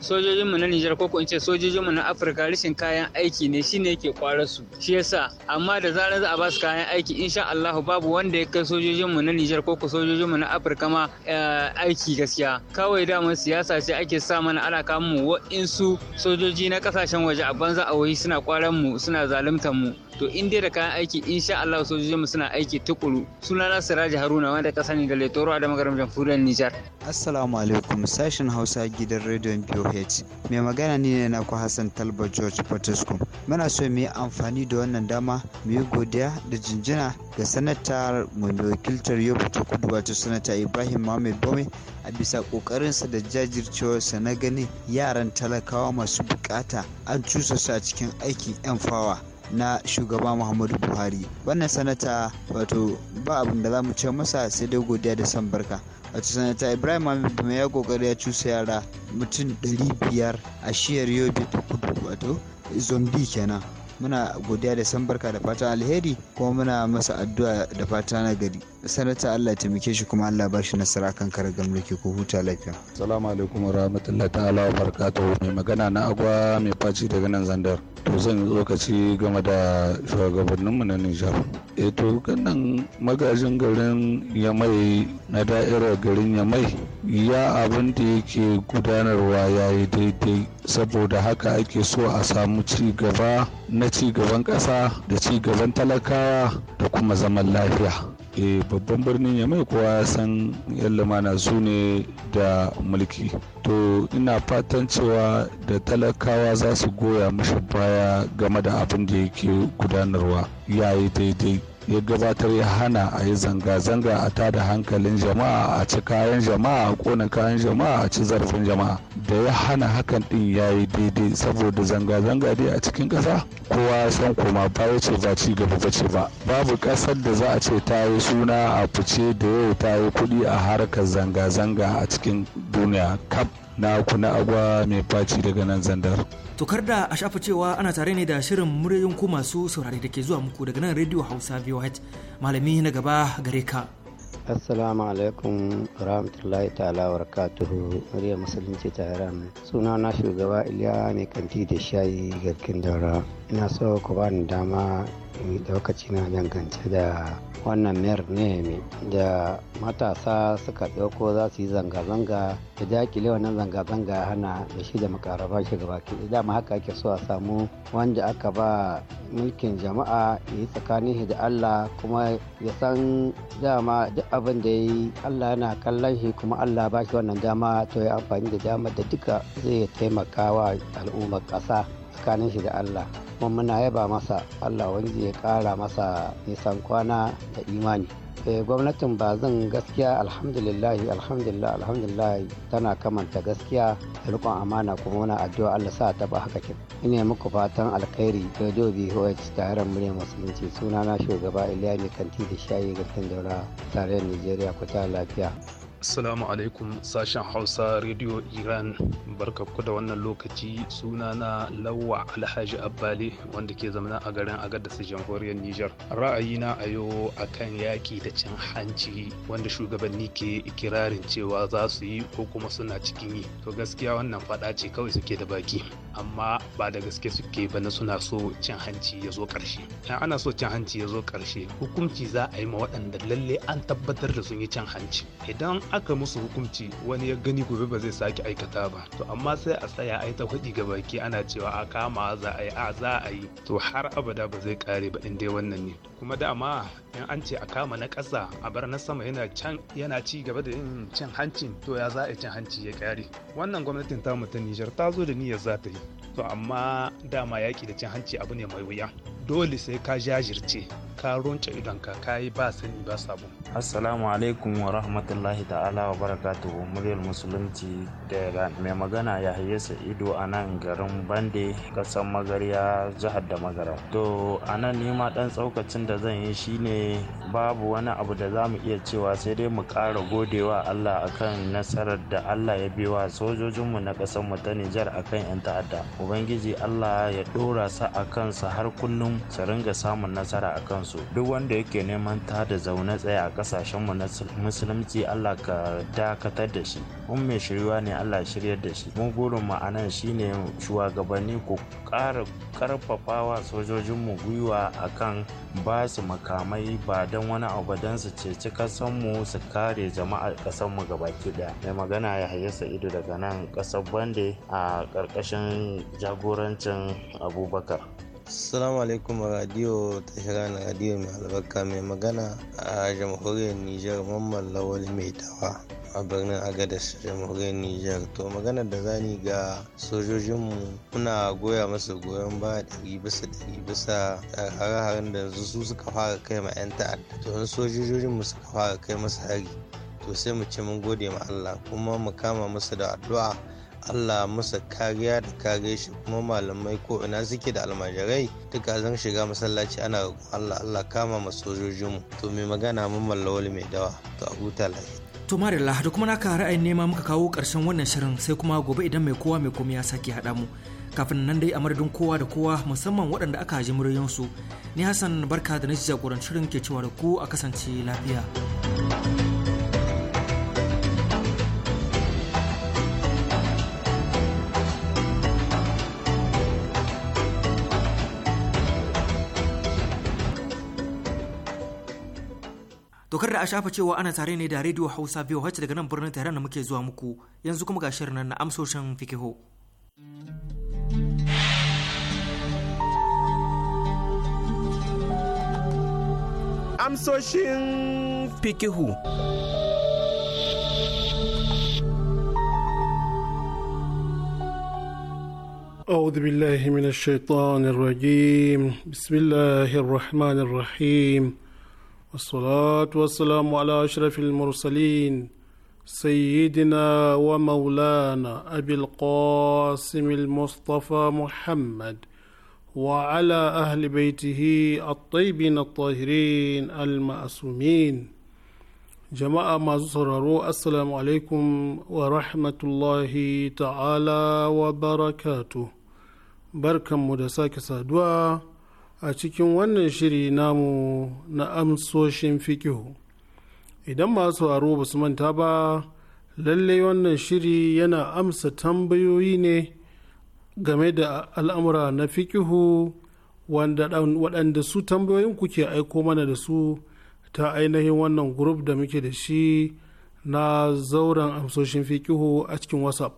sojojin na Nijar ko in ce sojojinmu na Afirka rashin kayan aiki ne shine yake kwarar su shi yasa amma da zarar za a ba su kayan aiki insha Allah babu wanda ya kai sojojinmu na Nijar ko ko sojojinmu na Afirka ma eh, aiki gaskiya kawai dama siyasa ce ake sa mana ana kamun mu wa'insu sojoji na kasashen waje a banza a wai suna kwaran mu suna zaluntar mu to in dai da kayan aiki insha Allah sojojin suna aiki tukuru sunana Siraji Haruna wanda ka sani da Letoro da damagaram jamhuriyar Nijar assalamu alaikum sashen Hausa gidan rediyon POH mai magana ne naku hassan talba george fortescue muna so mu yi amfani da wannan dama mu yi godiya da jinjina ga sanatar mai wakiltar yobe ta kudu wato sanata ibrahim mohammed bome a bisa kokarinsa da jajircewarsa na ganin yaran talakawa masu bukata an cusa su a cikin aikin yan fawa na shugaba muhammadu buhari wannan sanata wato ba abin da za mu ce masa sai dai godiya da san barka wato sanata ibrahim ahmed mai ya kokari ya cusa yara mutum biyar a shiyar yobe ta kudu wato zombi kenan muna godiya da san barka da fatan alheri kuma muna masa addu'a da fata na gari sanata Allah taimake shi kuma Allah ba shi nasara kan karagar mulki ko huta lafiya assalamu alaikum wa rahmatullahi ta'ala wa barakatuhu mai magana na agwa mai faci daga nan zandar to zan yi lokaci game da shugabanninmu na Nijar E, to nan magajin garin Yamai na da'irar garin Yamai ya abin da yake gudanarwa ya yi daidai saboda haka ake so a samu ci gaba na ci gaban ƙasa da ci gaban talakawa da kuma zaman lafiya e babban birnin ya mai ya san yan lamana su ne da mulki to ina fatan cewa da talakawa za su goya mashi baya game da abin da yake gudanarwa yayi daidai ya gabatar ya hana a yi zanga-zanga a tada hankalin jama'a a ci kayan jama'a a kona kayan jama'a a ci zarafin jama'a da ya hana hakan din ya yi daidai saboda zanga-zanga dai a cikin ƙasa kowa ya san koma baya ce ba ci gaba ba ce ba babu ƙasar da za a ce ta yi suna a fice da yau ta yi kuɗi a harkar zanga-zanga a cikin duniya kaf na kuna agwa mai faci daga nan zandar. Tukar da a shafa cewa ana tare ne da shirin muryoyin ku masu saurari da ke zuwa muku daga nan Radio Hausa VOH malami na gaba gare ka. assalamu alaikum rahmatullahi ta'ala wa rakatuhu muryar musulunci ta haram suna na shugaba iliya mai kanti da shayi garkin daura ina so ku bani dama mai na dangance da wannan mayar nehemi da matasa suka ɗauko za su yi zanga-zanga da dakile wannan zanga-zanga hana da shi da makaraba shi gaba da dama haka ake so a samu wanda aka ba mulkin jama'a ya yi tsakanin shi da allah kuma ya san dama duk abin da ya yi allah yana kallon shi kuma allah ba shi wannan dama to ya amfani da dama da duka zai taimaka wa al'ummar ƙasa tsakanin shi da Allah kuma muna yaba masa Allah wanda ya kara masa nisan kwana da imani eh, gwamnatin ba zan gaskiya alhamdulillahi alhamdulillah alhamdulillah tana kamanta gaskiya da rikon amana kuma muna addu'a Allah sa ta ba haka kin ina muku fatan alkhairi radio ta taron murya musulunci sunana shugaba Iliya Kanti da shayi ga daura tare da Nigeria ku ta lafiya Assalamu alaikum sashen Hausa Radio Iran barkakku da wannan lokaci suna na Lawa Alhaji Abbali wanda ke zama a garin Agadis jamhuriyar Nijar. Ra'ayina a yau akan yaƙi da cin hanci wanda shugabanni ke ikirarin cewa za su yi ko kuma suna cikin yi. To gaskiya wannan faɗa ce kawai suke da baki amma ba da gaske suke ba na suna so cin hanci ya zo ƙarshe. Idan ana so cin hanci ya zo ƙarshe hukunci za a yi ma waɗanda lalle an tabbatar da sun yi cin hanci. Idan aka musu hukunci wani ya gani gobe ba zai sake aikata ba to amma sai a tsaya ai ta kuɗi ga baki ana cewa a kama za a yi a za a yi to har abada ba zai kare ba in dai wannan ne kuma da dama in an ce a kama na ƙasa a bar na sama yana can yana ci gaba da yin cin hancin to ya za a cin hanci ya kare wannan gwamnatin ta mu ta Nijar ta zo da niyyar za ta yi to amma dama yaki da cin hanci abu ne mai wuya dole sai ka jajirce ka ronce idan ka yi ba sani ba sabo assalamu alaikum wa rahmatullahi ta'ala wa barakatuhu muryar musulunci da mai magana ya haye sa'ido a nan garin bande kasan magarya jihar da magara to a nan nema dan tsaukacin da zan yi shine babu wani abu da za mu iya cewa sai dai mu ƙara godewa allah akan nasarar da allah ya biwa sojojinmu na ƙasar mu ta nijar akan yan ta'adda ubangiji allah ya ɗora sa a kansa har kullum su ringa samun nasara a kansu duk wanda yake neman ta da zaune tsaye a mu na musulunci Allah ka dakatar da shi Mun mai shirywa ne Allah shiryar da shi mun gurin mu anan shine shugabanni ku ƙara karfafawa sojojinmu gwiwa akan ba su makamai ba don wani abu don su ceci mu su kare jama'ar mu gabaki daya mai magana ya hayyasa ido daga nan kasar bande a ƙarƙashin jagorancin abubakar Assalamu alaikum radio ta shiga radio mai albarka mai magana a jamhuriyar Nijar Mamman Lawal mai tawa a birnin Agadas jamhuriyar Nijar. To magana da zani ga sojojinmu muna goya masu goyon baya ɗari bisa ɗari bisa har har da yanzu su suka fara kai ma 'yan ta'adda. To in sojojinmu suka fara kai masu hari to sai mu ce mun gode ma Allah kuma mu kama musu da addu'a allah musa kariya da kare shi kuma malamai ko ina suke da almajirai duka zan shiga masallaci ana roƙon allah allah kama ma sojojinmu to mai magana mun mallawal mai dawa to a huta lafiya to Allah da kuma naka ra'ayin nema muka kawo ƙarshen wannan shirin sai kuma gobe idan mai kowa mai komai ya sake haɗa mu kafin nan dai a madadin kowa da kowa musamman waɗanda aka ji muryoyinsu ni hassan barka da na jagoran shirin ke cewa da ku a kasance lafiya. a shafa cewa ana tare ne da rediyo hausa biyu wacce daga nan birnin tehran da muke zuwa muku yanzu kuma ga shirin nan na amsoshin fikiho amsoshin fikihu أعوذ بالله من الشيطان الرجيم بسم الله الرحمن الرحيم والصلاة والسلام على أشرف المرسلين سيدنا ومولانا أبي القاسم المصطفى محمد وعلى أهل بيته الطيبين الطاهرين المأسومين جماعة ما زرروا السلام عليكم ورحمة الله تعالى وبركاته بركة مدساك سادوا a cikin wannan shiri namu na amsoshin fikihu idan masu aro ba su manta ba lallai wannan shiri yana amsa tambayoyi ne game da al'amura na fikihu waɗanda su tambayoyin kuke aiko mana da su ta ainihin wannan grup da muke da shi na zauren amsoshin fikihu a cikin whatsapp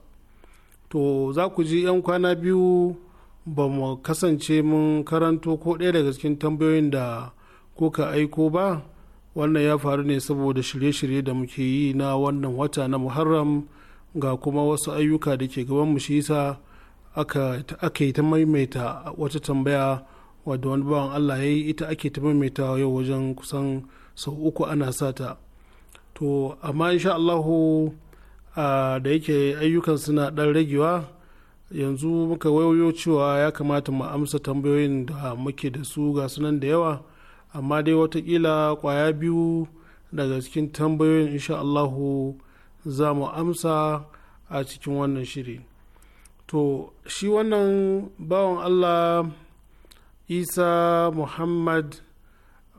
to za ku ji 'yan kwana biyu ba mu kasance mun karanto ko ɗaya daga cikin tambayoyin da kuka aiko ba wannan ya faru ne saboda shirye-shirye da muke yi na wannan wata na muharram ga kuma wasu ayyuka da ke gaban mu shisa aka yi ta maimaita wata tambaya wadda wani bawan Allah ya yi ita ake ta maimaita yau wajen kusan sau uku ana sata to amma insha Allahu da yake ayyukan suna ɗan ragewa yanzu muka wayoyo cewa ya kamata mu amsa tambayoyin da muke da su ga sunan da yawa amma dai watakila kwaya biyu daga cikin tambayoyin insha Allahu za mu amsa a cikin wannan shiri to shi wannan bawan Allah isa muhammad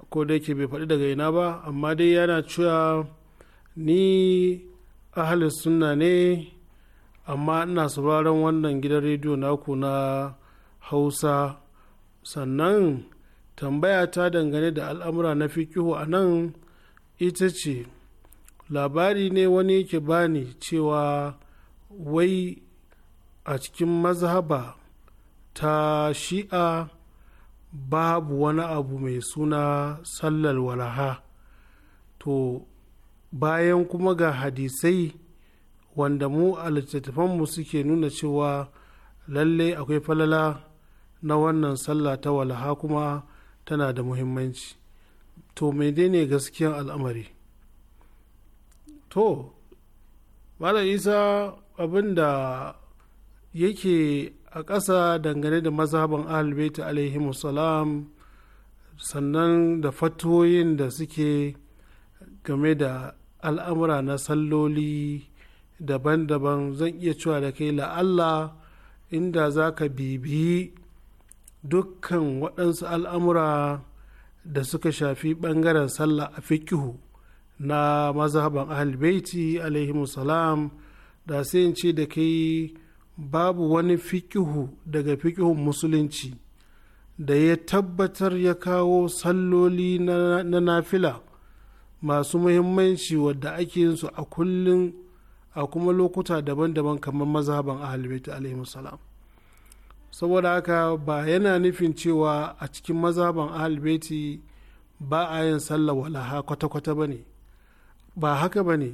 ko da yake bai faɗi daga ina ba amma dai yana cewa ni ahalin sunna ne amma ina sauraron wannan gidan rediyo naku na hausa sannan tambaya ta dangane da al'amura na fikihu a nan ita ce labari ne wani yake bani cewa wai a cikin mazhaba ta shi'a babu wani abu mai suna sallar walaha to bayan kuma ga hadisai wanda mu a littattafanmu suke nuna cewa lalle akwai falala na wannan sallah ta walaha kuma tana da muhimmanci to menene gaskiyan al'amari to malam isa abin abinda yake a ƙasa dangane da mazhaban ahalbaita alaihi musalam sannan da fatoyin da suke game da al'amura na salloli daban-daban zan iya cewa da kai la'alla inda za ka bibi dukkan waɗansu al'amura da suka shafi ɓangaren sallah a fikihu na mazhaban ahalbaiti alaihimu salam da sai ce da kai babu wani fikihu daga fikihun musulunci da ya tabbatar ya kawo salloli na nafila masu muhimmanci wadda ake yin su a kullum a kuma lokuta daban-daban kamar mazhaban ahalibaita alaihi salam saboda haka ba yana nufin cewa a cikin mazhaban ahalibaiti ba a yin sallah walaha kwata-kwata ba ne ba haka ba ne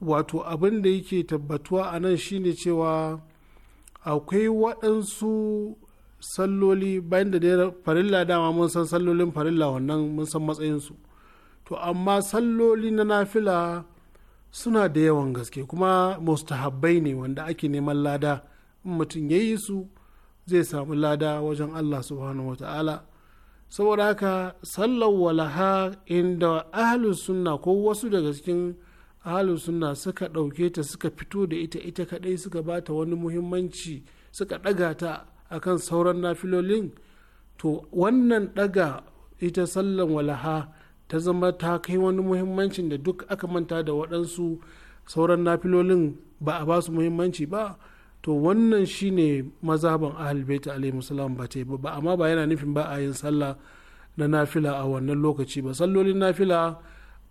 wato abin da yake tabbatuwa a nan shine cewa akwai waɗansu salloli bayan da farilla dama mun san sallolin farilla wannan mun san matsayinsu to amma salloli na nafila suna da yawan gaske kuma mustahabbai ne wanda ake neman lada in mutum ya yi su zai samu lada wajen allah subhanahu wa ta'ala saboda haka sallar walaha inda ahalin sunna ko wasu daga cikin ahalin sunna suka ɗauke ta suka fito da ita ita kaɗai suka ba ta wani muhimmanci suka ɗaga ta akan sauran nafilolin to wannan ɗaga ita sallar walaha ta zama ta kai wani muhimmancin da duk aka manta da waɗansu sauran nafilolin ba a ba muhimmanci ba to wannan shine mazaban ahal baita alaihi musulam ba ta ba amma ba yana nufin ba a yin sallah na nafila a wannan lokaci ba sallolin nafila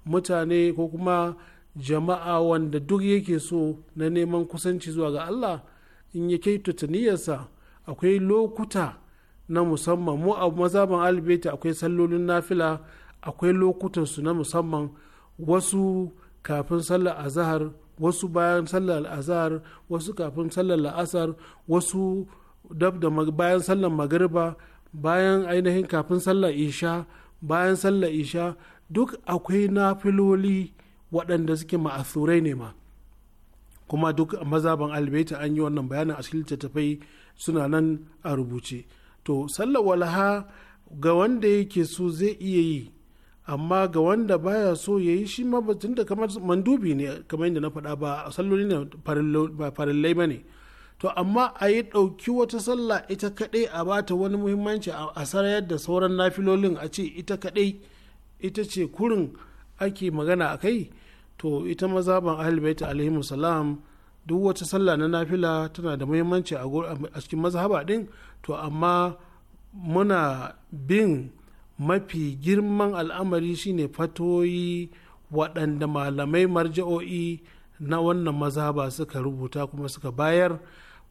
mutane ko kuma jama'a wanda duk yake so na neman kusanci zuwa ga Allah in ya kai tutaniyarsa akwai lokuta na musamman mu a mazaban albaita akwai sallolin nafila akwai lokutansu na musamman wasu kafin sallar azahar wasu bayan sallar azahar wasu kafin sallar la'asar wasu dab da bayan sallar magariba bayan ainihin kafin sallar isha bayan sallar isha duk akwai nafiloli waɗanda suke ma'asurai ne ma kuma duk mazaban albaita an yi wannan bayanin a cikin littattafai suna nan a rubuce to sallar walaha ga wanda yake so zai iya yi amma ga wanda baya so ya yi shi ma batun da kamar mandubi ne kamar yadda na faɗa ba a salloli ne ba farillai ba ne to amma a yi ɗauki wata sallah ita kaɗai a bata wani muhimmanci a sarayar da sauran nafilolin a ce ita kaɗai ita ce kurin ake magana a kai to ita mazaban ahalibaita alaihimu salam duk wata sallah na nafila tana da muhimmanci a cikin mazhaba ɗin to amma muna bin mafi girman al'amari shine fatoyi waɗanda malamai marja'o'i na wannan maza ba suka rubuta kuma suka bayar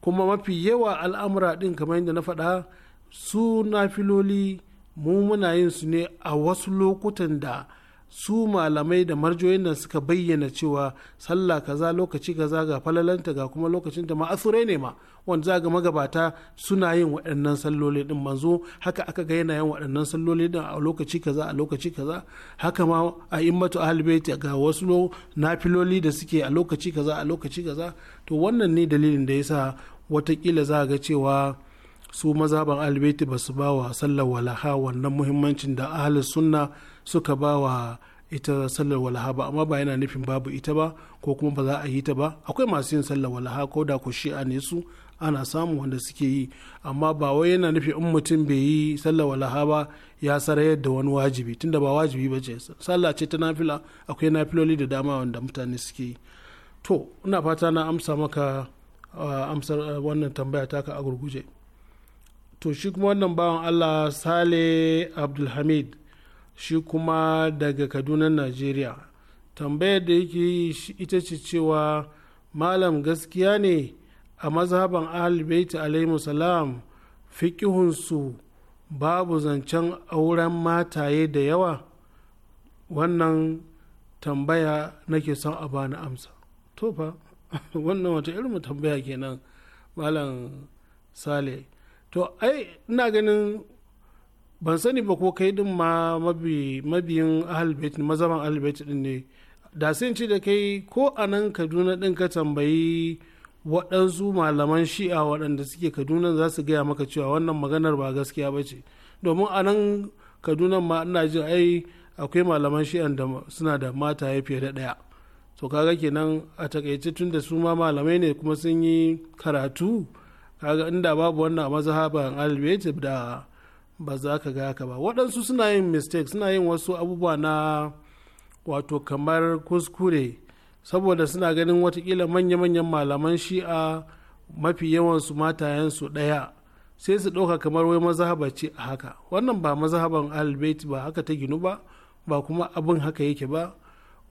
kuma mafi yawa al'amura ɗin kamar yadda na faɗa su na filoli mu muna yin su ne a wasu lokutan da su malamai da marjoyin nan suka bayyana cewa sallah kaza lokaci kaza ga falalanta ga kuma lokacin da ma ne ma wanda za ga magabata suna yin waɗannan salloli din manzo haka aka ga yana yin waɗannan salloli din a lokaci kaza a lokaci kaza haka ma a immatu ahlbaiti ga wasu nafiloli da suke a lokaci kaza a lokaci kaza to wannan ne dalilin da yasa watakila za ga cewa su mazaban ahlbaiti ba su ba wa sallar walaha wannan muhimmancin da ahlus sunna suka ba wa ita sallar walaha ba amma ba yana nufin babu ita ba ko kuma ba za a yi ta ba akwai masu yin sallar walaha ko da ku shi'a ne su ana samu wanda suke yi amma ba wai yana nufin in mutum bai yi sallar walaha ba ya sarayar da wani wajibi tunda ba wajibi ba ce sallah ce ta nafila akwai nafiloli da dama wanda mutane suke yi to ina fata na amsa maka ah, amsar ah, wannan tambaya taka a gurguje to shi kuma wannan bawan allah sale abdulhamid shi kuma daga kaduna najeriya tambayar da yake yi ita ce cewa malam gaskiya ne a mazhaban ahalibaita alaihi salam fikihunsu babu zancen auren mataye da yawa wannan tambaya nake son a bani amsa to fa wannan wata irin tambaya kenan malam sale to ai ina ganin ban sani ba ko kai din ma mabiyin ahalbet mazaban ahalbet din ne da sun ci da kai ko a nan kaduna din ka tambayi waɗansu malaman shi'a waɗanda suke kaduna za su gaya maka cewa wannan maganar ba gaskiya ba ce domin a nan kaduna ma ina jin ai akwai malaman shi'an da suna da ya fiye da ɗaya to kaga kenan a takaice tun da su ma malamai ne kuma sun yi karatu kaga inda babu wannan a mazhaban albeit da ba za ka ga haka ba waɗansu suna yin mistake suna yin wasu abubuwa na wato kamar kuskure saboda suna ganin watakila manya-manyan malaman shi'a mafi yawan yawansu matayensu ɗaya sai su ɗauka kamar wai mazahaba ce a haka wannan ba mazahaban albait ba haka ta ginu ba ba kuma abin haka yake ba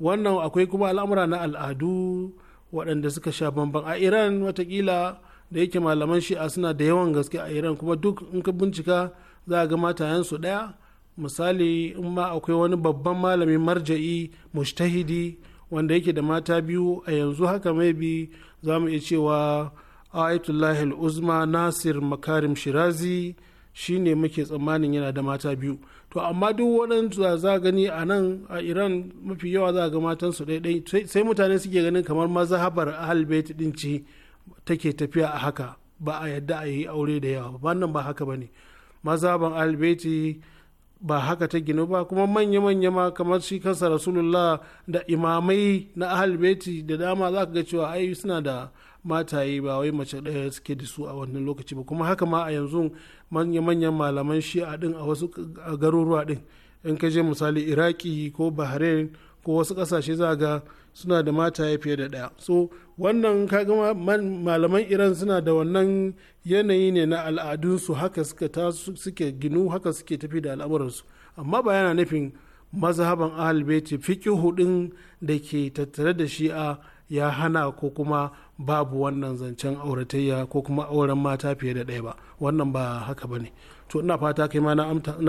wannan akwai kuma al'amura na al'adu waɗanda suka sha bamban a iran watakila da yake malaman shi'a suna da yawan gaske a iran kuma duk in ka bincika za a ga matayensu ɗaya misali in ma akwai wani babban malamin marja'i mujtahidi wanda yake da mata biyu a yanzu haka mai bi za mu iya cewa ayatullahi uzma nasir makarim shirazi shi ne muke tsammanin yana da mata biyu to amma duk waɗansu za gani a nan a iran mafi yawa za ga matansu dai-dai sai mutane suke ganin kamar mazhabar ahalbait ɗin ce take tafiya a haka ba a yadda a yi aure da yawa ba nan ba haka ba ne mazaban albeti ba haka ta ginu ba kuma manya-manya ma kamar shi kansa rasulullah da imamai na albeti da dama za ka ga cewa ai suna da mataye ba wai mace ɗaya suke da su a wannan lokaci ba kuma haka ma a yanzu manya-manyan malaman shi'a din a wasu garuruwa din in ka je misali iraki ko bahrain ko wasu ƙasashe za ga suna da mataye fiye da ɗaya so wannan kaga malaman iran suna da wannan yanayi ne na al'adunsu haka suka suke ginu haka suke tafi da al'amuransu amma ba yana nufin mazhaban ahal beti hudun da ke tattare da shi'a ya hana ko kuma babu wannan zancen auratayya ko kuma auren mata fiye da ɗaya ba wannan ba haka ba ne to ina fata kai ma na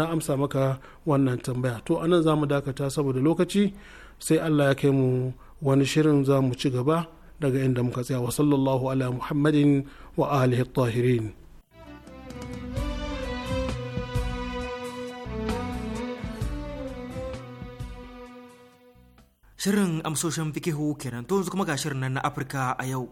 amsa maka wannan tambaya to anan za mu dakata saboda lokaci sai allah ya kai mu wani shirin za mu ci gaba daga inda muka tsaya wa sallallahu ala muhammadin wa alihi tahirin Shirin amsoshin fikihu kenan to yanzu kuma ga shirin nan na Afirka a yau.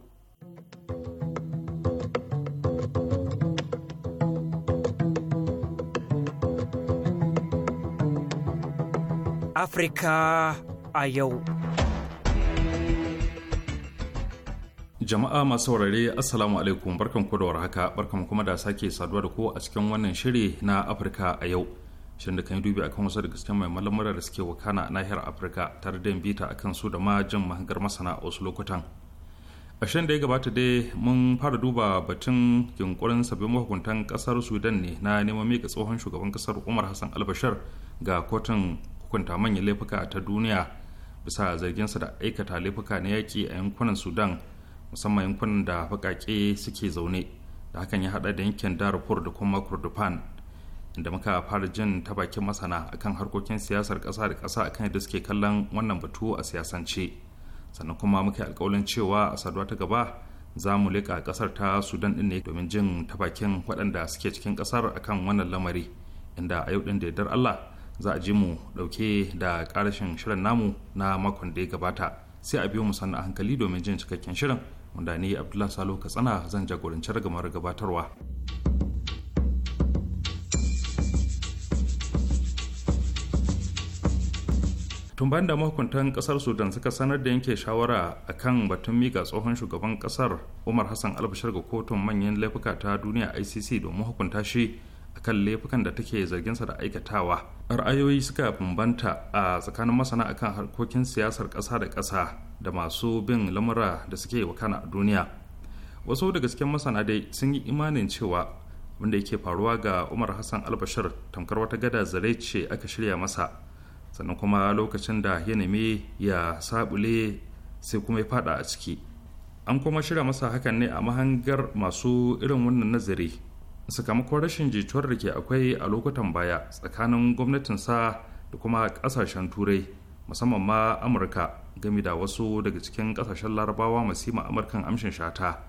Afirka a yau. Jama'a masu saurare Assalamu alaikum barkan ku da warhaka barkan kuma da sake saduwa da ku a cikin wannan shiri na Afirka a yau. Shin da kan dubi akan wasu daga cikin mai malamura da suke wakana a nahiyar Afirka tare da bita akan su da ma jin mahangar masana a wasu lokutan. A shan da ya gabata dai mun fara duba batun yunkurin sabbin mahukuntan kasar Sudan ne na neman mika tsohon shugaban kasar Umar Hassan Albashir ga kotun hukunta manyan laifuka ta duniya bisa zarginsa da aikata laifuka na yaki a yankunan Sudan musamman yankunan da baƙaƙe suke zaune da hakan ya haɗa da yankin darfur da kuma kurdufan inda muka fara jin ta bakin masana akan harkokin siyasar ƙasa da ƙasa akan yadda suke kallon wannan batu a siyasance sannan kuma muka yi alƙawalin cewa a saduwa ta gaba za mu leƙa ƙasar ta sudan ɗin ne domin jin ta bakin waɗanda suke cikin ƙasar akan wannan lamari inda a yau ɗin da yardar allah za a ji mu ɗauke da ƙarashin shirin namu na makon da ya gabata sai a biyo mu sannan a hankali domin jin cikakken shirin wanda ni abdullahi salo katsina zan jagoranci ragamar gabatarwa tun bayan da mahukuntan kasar sudan suka sanar da yanke shawara a kan batun mika tsohon shugaban kasar umar hassan albashir ga kotun manyan laifuka ta duniya icc domin hukunta shi kan laifukan da take zarginsa da aikatawa ra'ayoyi suka bambanta a tsakanin masana akan harkokin siyasar ƙasa da ƙasa da masu bin lamura da suke wakana a duniya wasu daga cikin masana dai sun yi imanin cewa wanda yake faruwa ga umar hassan albashir tamkar wata gada zare ce aka shirya masa sannan kuma lokacin da ya nemi ya sabule sai kuma ya fada a ciki an kuma shirya masa hakan ne a mahangar masu irin wannan nazari sakamakon rashin jituwar da ke akwai a lokutan baya tsakanin gwamnatinsa da kuma kasashen turai musamman ma amurka game da wasu daga cikin kasashen larabawa ma amurkan amshin shata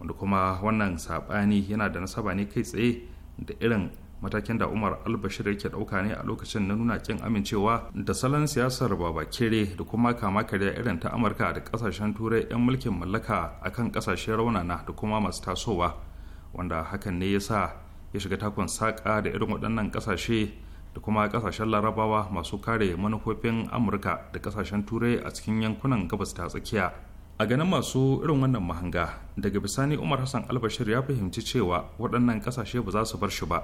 wanda kuma wannan saɓani yana da nasaba ne kai tsaye da irin matakin da umar albashir yake ɗauka ne a lokacin na nuna kin amincewa da salon siyasar babakere da kuma kama karya irin ta amurka da kasashen turai 'yan mulkin mallaka akan kasashe raunana da kuma masu tasowa wanda hakan ne ya sa ya shiga takon saƙa da irin waɗannan ƙasashe da kuma ƙasashen larabawa masu kare manufofin amurka da ƙasashen turai a cikin yankunan gabas ta tsakiya a ganin masu irin wannan mahanga daga bisani umar hassan albashir ya fahimci cewa waɗannan ƙasashe ba za su bar shi ba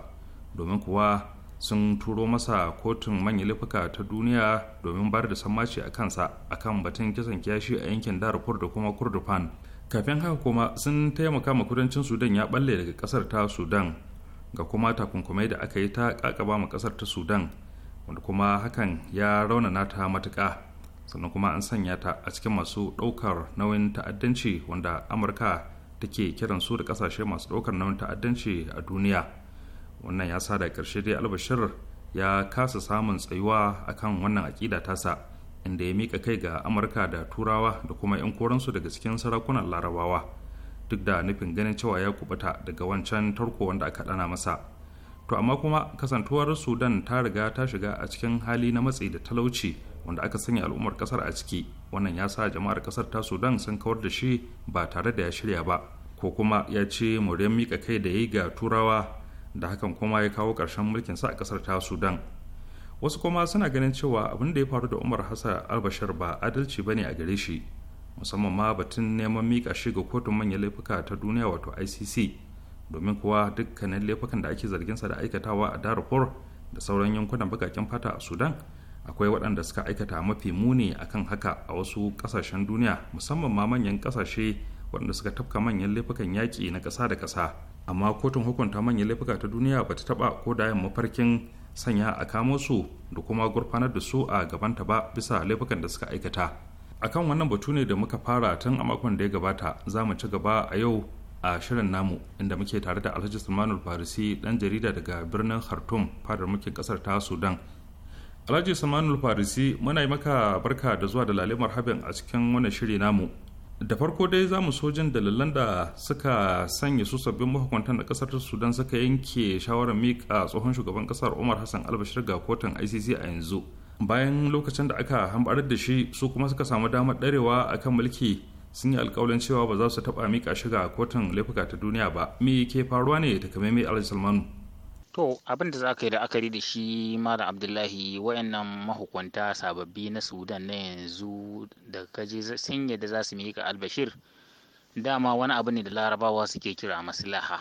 domin kuwa sun turo masa kotun manyan laifuka ta duniya domin bayar da sammaci a kansa akan batun kisan kiyashi a yankin darfur da kuma kurdufan kafin haka kuma sun taimaka ma kudancin sudan ya balle daga kasar ta sudan ga kuma takunkumai da aka yi ta kakaba ma kasar ta sudan wanda kuma hakan ya raunana ta matuka sannan kuma an sanya ta a cikin masu ɗaukar nauyin ta'addanci wanda amurka take kiran su da ƙasashe masu ɗaukar nauyin ta'addanci a duniya wannan ya sa da ƙarshe dai albashir ya kasa samun tsayuwa akan wannan aƙida tasa inda ya mika kai ga amurka da turawa da kuma 'yan koransu daga cikin sarakunan larabawa duk da nufin ganin cewa ya kubuta daga wancan tarko wanda aka dana masa to amma kuma kasantuwar sudan ta riga ta shiga a cikin hali na matsi da talauci wanda aka sanya al'ummar kasar a ciki wannan ya sa jama'ar kasar ta sudan sun kawar da shi ba tare da ya shirya ba ko kuma ya ce muryan mika kai da ya yi ga turawa da hakan kuma ya kawo ƙarshen mulkin sa a kasar ta sudan wasu kuma suna ganin cewa abin da ya faru da umar hassan albashar ba adalci ba ne a gare shi musamman ma batun neman mika shi ga kotun manyan laifuka ta duniya wato icc domin kuwa dukkanin laifukan da ake zarginsa da aikatawa a darfur da sauran yankunan bakakin fata a sudan akwai waɗanda suka aikata mafi muni akan haka a wasu ƙasashen duniya musamman ma manyan ƙasashe waɗanda suka tafka manyan laifukan yaƙi na ƙasa da ƙasa amma kotun hukunta manyan laifuka ta duniya ba ta taɓa ko da mafarkin sanya a kamo su da kuma gurfanar da su a gabanta ba bisa laifukan da suka aikata akan wannan batu ne da muka fara tun a makon da ya gabata za mu ci gaba a yau a shirin namu inda muke tare da alhaji salmanul farisi dan jarida daga birnin khartoum fadar muke kasar ta sudan alhaji salmanul farisi muna yi maka barka da zuwa da lalimar habin a cikin wannan shiri namu da farko dai za mu sojin dalilan da suka sanya su sabbin mahukuntan da kasar sudan suka yanke shawarar mika tsohon shugaban kasar umar hassan albashir ga kotun icc a yanzu bayan lokacin da aka hambarar da shi su kuma suka samu damar darewa kan mulki sun yi alkawalin cewa ba za su taba mika shiga ga kotun laifuka ta duniya ba me ke faruwa ne ta kame mai salmanu To abin da za ka yi la'akari da shi Malam Abdullahi wayannan mahukunta sababbi na Sudan na yanzu da kaje sun yadda za su miƙa albashir dama wani abu ne da larabawa suke kira maslaha.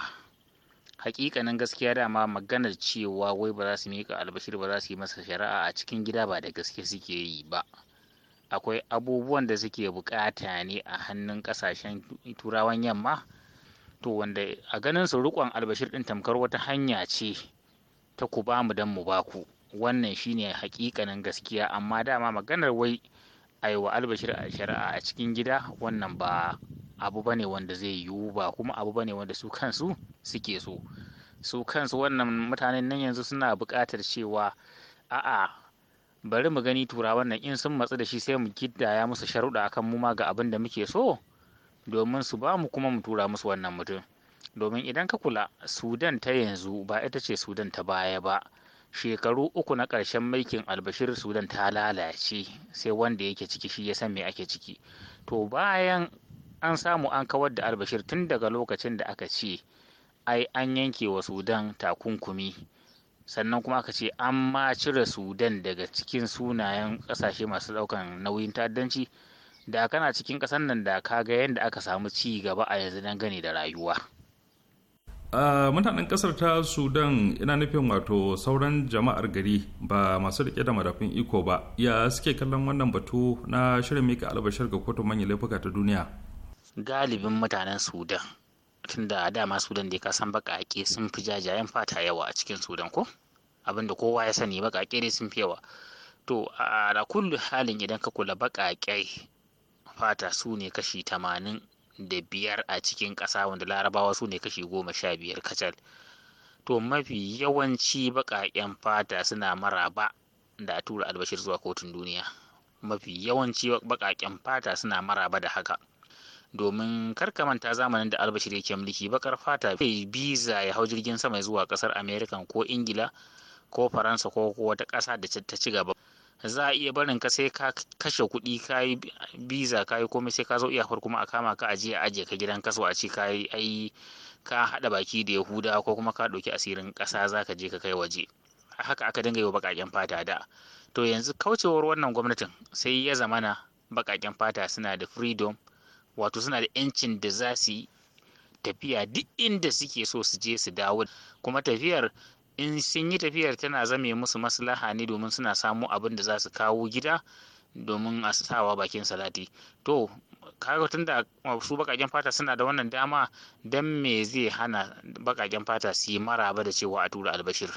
Hakikanin gaskiya dama maganar cewa wai ba za su miƙa albashir ba za su yi masa shari'a a cikin gida ba da gaske suke yi ba. Akwai abubuwan da suke bukata ne a hannun ƙasashen turawan yamma. to wanda a ganin su rikon albashir din tamkar wata hanya ce ta ku ba mu dan mu ba ku wannan shine hakikanin gaskiya amma dama maganar wai a yi wa albashir a shari'a a cikin gida wannan ba abu bane wanda zai yiwu ba kuma abu bane wanda su kansu suke so su kansu wannan mutanen nan yanzu suna buƙatar cewa a'a bari mu gani turawan nan in sun matsu da shi sai mu ya musu sharuɗa akan mu ma ga abin da muke so domin su ba mu kuma mu tura musu wannan mutum domin idan ka kula sudan ta yanzu ba ita ce sudan ta baya ba shekaru uku na ƙarshen mulkin albashir sudan ta lalace sai wanda yake ciki shi ya san me ake ciki to bayan an samu an kawar da albashir tun daga lokacin da aka ce ai an yanke wa sudan takunkumi sannan kuma aka ce an ma cire sudan daga cikin sunayen ƙasashe masu ɗaukan nauyin ta'addanci da kana cikin ƙasar nan da ka ga yadda aka samu ci gaba a yanzu dangane da rayuwa a mutanen kasar ta sudan ina nufin wato sauran jama'ar gari ba masu rike da madafin iko ba ya suke kallon wannan batu na shirin mika albashar ga kotun manyan laifuka ta duniya galibin mutanen sudan tun da dama sudan da ka san bakake sun fi jajayen fata yawa a cikin sudan ko abinda kowa ya sani bakake ne sun fi yawa to a kullu halin idan ka kula bakake fata su ne kashi tamanin da biyar a cikin ƙasa wanda larabawa su ne kashi goma sha biyar kacal to mafi yawanci baƙaƙen fata suna maraba da a tura albashir zuwa kotun duniya mafi yawanci baƙaƙen fata suna maraba da haka domin karka manta zamanin da albashir yake mulki bakar fata bai biza ya hau jirgin sama zuwa ƙasar amerika ko ingila ko faransa ko wata ƙasa da ta ci gaba za a iya barin ka sai ka kashe kuɗi ka yi biza ka yi komai sai ka zo iyakar kuma a kama ka ajiye a ajiye ka gidan kaso a ci ka yi ai ka haɗa baki da yahuda ko kuma ka ɗauki asirin ƙasa za ka je ka kai waje haka aka dinga yi wa baƙaƙen fata da to yanzu kaucewar wannan gwamnatin sai ya zamana baƙaƙen fata suna da freedom wato suna da 'yancin da za su yi tafiya duk inda suke so su je su dawo kuma tafiyar in sun yi tafiyar tana zame musu maslaha ne domin suna samo abin da za su kawo gida domin a sawa bakin salati to kaga tunda su bakajen fata suna da wannan dama dan me zai hana bakajen fata su yi maraba da cewa a tura albashir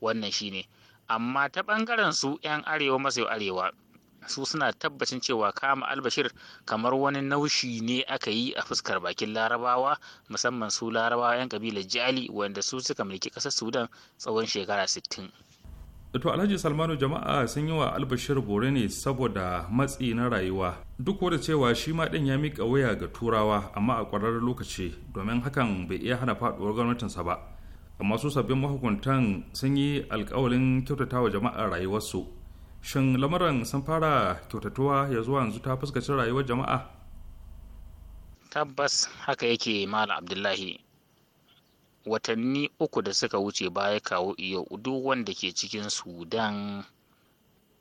wannan shine amma ta bangaren su yan arewa maso arewa su suna tabbacin cewa kama albashir kamar wani naushi ne aka yi a fuskar bakin larabawa musamman su larabawa 'yan kabilar jali wanda su suka mulki ƙasar sudan tsawon shekara 60 to alhaji salmanu jama'a sun yi wa albashir bore ne saboda matsi na rayuwa duk da cewa shi ma ɗin ya miƙa waya ga turawa amma a ƙwararren lokaci domin hakan bai iya hana faɗuwar gwamnatinsa ba amma su sabbin mahukuntan sun yi alkawalin kyautatawa wa jama'ar rayuwarsu shin lamarin sun fara kyautatuwa ya zuwa yanzu ta fuskacin rayuwar jama'a tabbas haka yake Malam abdullahi watanni uku da suka wuce baya kawo iyo udu wanda ke cikin sudan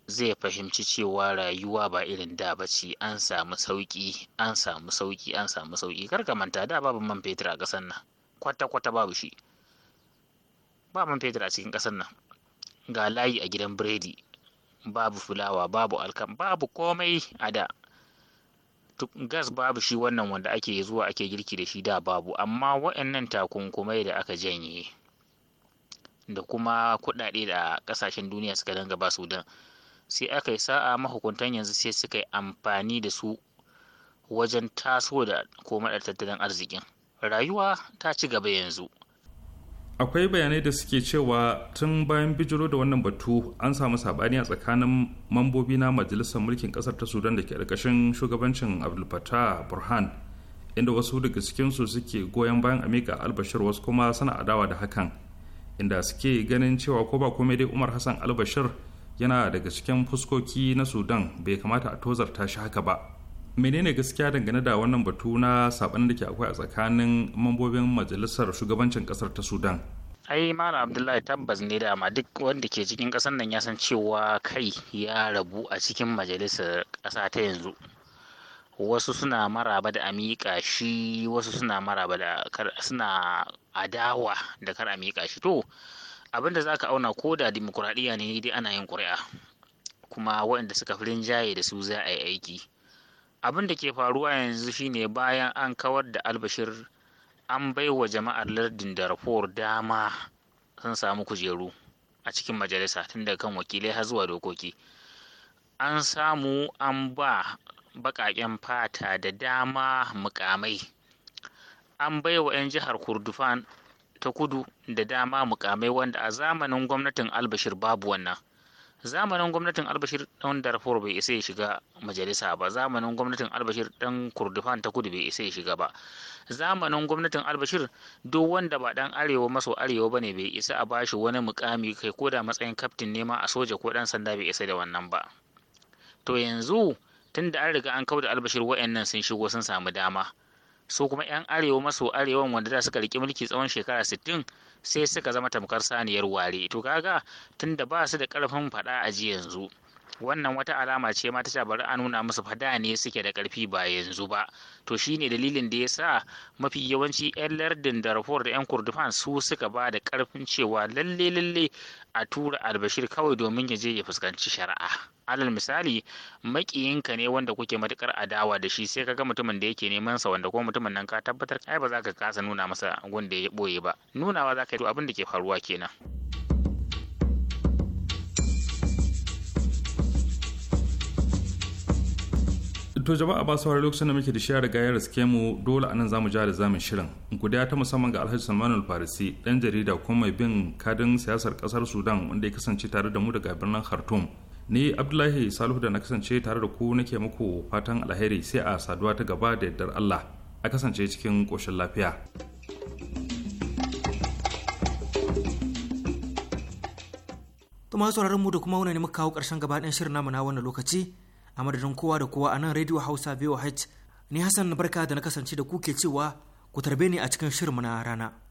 zai fahimci cewa rayuwa ba irin da ba ce an samu sauƙi an samu sauƙi an samu sauƙi kar manta da babu man fetur a ƙasar nan kwata-kwata babu shi ba man fetur a cikin ƙasar nan ga layi a gidan biredi babu fulawa babu alkam babu komai a da gas babu shi wannan wanda ake zuwa ake girki da shi da babu amma waɗannan takunkumai da aka janye da kuma kuɗaɗe da ƙasashen duniya suka danga ba su sudan sai aka yi sa'a mahukuntan yanzu sai suka yi amfani da su wajen taso da komar tattalin arzikin rayuwa ta ci gaba yanzu akwai bayanai da suke cewa tun bayan bijiro da wannan batu an samu sabani a tsakanin mambobi na majalisar mulkin kasar ta sudan da ke ƙarƙashin shugabancin abdulfatah burhan inda wasu daga cikinsu suke goyon bayan amika albashir wasu kuma suna adawa da hakan inda suke ganin cewa ko ba komai dai umar hassan albashir yana daga cikin fuskoki na sudan bai kamata a tozarta shi haka ba menene gaskiya dangane da wannan batu na saɓanin da ke akwai a tsakanin mambobin majalisar shugabancin kasar ta sudan ai malam abdullahi tabbas ne dama duk wanda ke cikin ƙasar nan ya san cewa kai ya rabu a cikin majalisar ƙasa ta yanzu wasu suna maraba da amika shi wasu suna maraba da suna adawa da kar amika shi to abinda za ka auna ko da dimokuraɗiyya ne dai ana yin ƙuri'a kuma waɗanda suka fi rinjaye da su za a yi aiki abin da ke faruwa yanzu shine bayan an kawar da albashir an bai wa jama'ar lardin da darfur dama sun samu kujeru a cikin majalisa tun daga kan wakilai har zuwa dokoki an samu an ba baƙaƙen fata da dama mukamai an bai wa 'yan jihar kurdufan ta kudu da dama mukamai wanda a zamanin gwamnatin albashir babu wannan zamanin gwamnatin albashir dan darfur bai isa ya shiga majalisa ba zamanin gwamnatin albashir dan kurdufan ta kudu bai isa ya shiga ba zamanin gwamnatin albashir duk wanda ba dan arewa maso arewa bane bai isa a bashi wani mukami kai ko da matsayin kaftin nema a soja ko dan sanda bai isa da wannan ba to yanzu tun da an riga an da albashir wayannan sun shigo sun samu dama su kuma yan arewa maso arewan wanda za su karki mulki tsawon shekara sittin sai suka zama tamkar saniyar ware to kaga tunda ba su da ƙarfin faɗa a yanzu wannan wata alama ce ma ta bari a nuna musu fada ne suke da karfi ba yanzu ba to shine dalilin da ya sa mafi yawanci 'yan lardin da rafuwar da 'yan kurdufan su suka ba da karfin cewa lalle lalle a tura albashir kawai domin ya je ya fuskanci shari'a alal misali makiyinka ne wanda kuke matukar adawa da shi sai ka ga mutumin da yake neman sa wanda ko mutumin nan ka tabbatar ai ba za ka kasa nuna masa gunda ya boye ba nunawa za ka yi to abin da ke faruwa kenan to jama'a ba saurari lokacin da muke da da gayar riske mu dole anan zamu ja da zamin shirin guda ta musamman ga alhaji salman farisi dan jarida kuma mai bin kadin siyasar kasar sudan wanda ya kasance tare da mu daga birnin khartoum ni abdullahi salihu da na kasance tare da ku nake muku fatan alheri sai a saduwa ta gaba da yardar allah a kasance cikin koshin lafiya to sauraron mu da kuma wani ne muka kawo karshen gaba ɗayan shirin namu na wannan lokaci a madadin kowa da kowa a nan radio hausa voh ni hassan barka da na kasance da kuke cewa ku tarbe ni a cikin shirin na rana